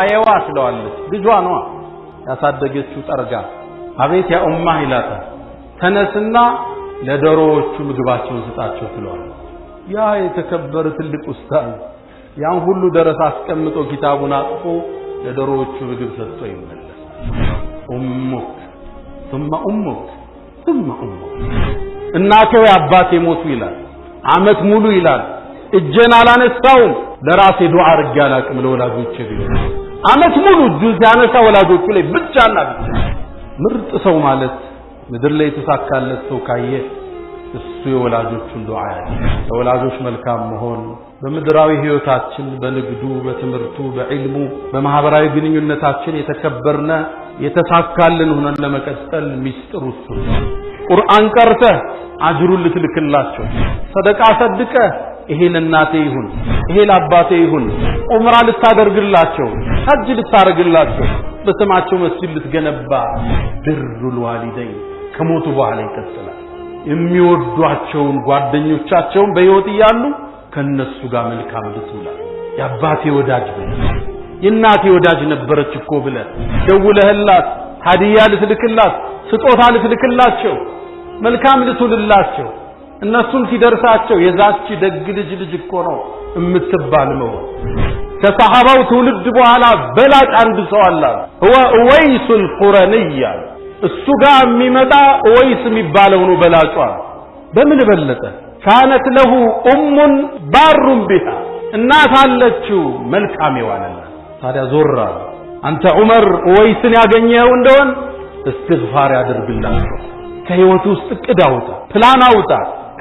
አየዋ ትለዋለች። ልጇ ነዋ ያሳደገችው ጠርጋ አቤት ያ ኡማ ይላታል። ተነስና ለዶሮዎቹ ምግባቸውን ስጣቸው ትለዋል። ያ የተከበረ ትልቅ ኡስታዝ ያን ሁሉ ደረስ አስቀምጦ ኪታቡን አጥፎ ለዶሮዎቹ ምግብ ሰጥቶ ይመለስ። ኡሙክ ثم ኡሙክ ثم ኡሙክ እናቴ አባቴ ሞቱ ይላል። አመት ሙሉ ይላል እጄን አላነሳውም ለራሴ ዱዓ አድርጌ አላቅም ለወላጆቼ ብዬ አመት ሙሉ እጁ ሲያነሳ ወላጆቹ ላይ ብቻና ብቻ። ምርጥ ሰው ማለት ምድር ላይ የተሳካለት ሰው ካየ እሱ የወላጆቹን ዱዓ ያለ ለወላጆች መልካም መሆን በምድራዊ ህይወታችን በንግዱ፣ በትምህርቱ፣ በዕልሙ፣ በማህበራዊ ግንኙነታችን የተከበርነ የተሳካልን ሆነን ለመቀጠል ሚስጥሩ እሱ ቁርአን ቀርተ አጅሩን ልትልክላቸው ሰደቃ ሰድቀ ይሄን እናቴ ይሁን ይሄ ለአባቴ ይሁን፣ ዑምራ ልታደርግላቸው፣ ሐጅ ልታደርግላቸው፣ በስማቸው መስጂድ ልትገነባ። ብሩል ልዋሊደይ ከሞቱ በኋላ ይቀጥላል። የሚወዷቸውን ጓደኞቻቸውን በሕይወት እያሉ ከነሱ ጋር መልካም ልትውላል። የአባቴ ወዳጅ ብለ የእናቴ ወዳጅ ነበረች እኮ ብለ ደውለህላት ሀዲያ ልትልክላት ስጦታ ልትልክላቸው መልካም ልትውልላቸው እነሱን ሲደርሳቸው የዛች ደግ ልጅ ልጅ እኮ ነው የምትባል መሆን ከሰሐባው ትውልድ በኋላ በላጭ አንድ ሰው አለ። ሁወ ኡወይሱል ቁረንያ እሱ ጋር የሚመጣ ኡወይስ የሚባለው ነው በላጯ። በምን በለጠ? ካነት ለሁ ኡሙን ባሩን ቢሃ እናት አለችው መልካም የዋለላ። ታዲያ ዞራ አንተ ዑመር ኡወይስን ያገኘው እንደሆን እስትግፋር ያደርግላቸው። ከህይወቱ ውስጥ ቅድ አውጣ፣ ፕላን አውጣ።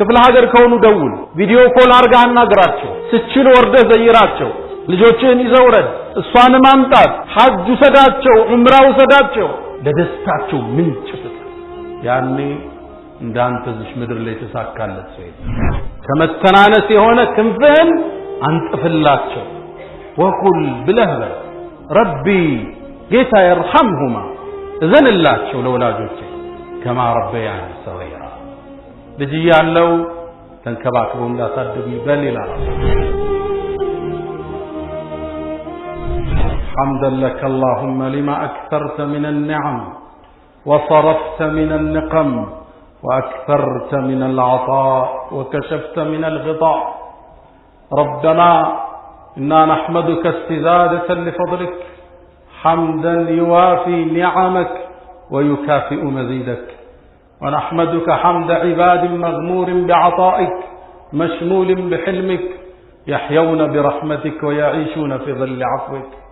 ክፍለ ሀገር ከሆኑ ደውል፣ ቪዲዮ ኮል አርጋ አናግራቸው፣ ስችል ወርደህ ዘይራቸው፣ ልጆችህን ይዘውረድ እሷን ማምጣት አምጣት፣ ሐጅ ውሰዳቸው፣ ዑምራ ውሰዳቸው፣ ለደስታቸው ምንጭ ፍጥ ያኔ እንዳንተ እዚህ ምድር ላይ ተሳካለት ሰው ከመተናነስ የሆነ ክንፍህን አንጥፍላቸው። ወኩል ብለህ በል ረቢ ጌታ የርሐምሁማ እዘንላቸው ለወላጆቼ ከማ ረበያን ሰገይራ ልጅ እያለው لا ላሳድጉ ይበል ይላል። حمدا لك اللهم لما أكثرت من النعم وصرفت من النقم وأكثرت من العطاء وكشفت من الغطاء ربنا إنا نحمدك استزادة لفضلك حمدا يوافي نعمك ويكافئ مزيدك ونحمدك حمد عباد مغمور بعطائك مشمول بحلمك يحيون برحمتك ويعيشون في ظل عفوك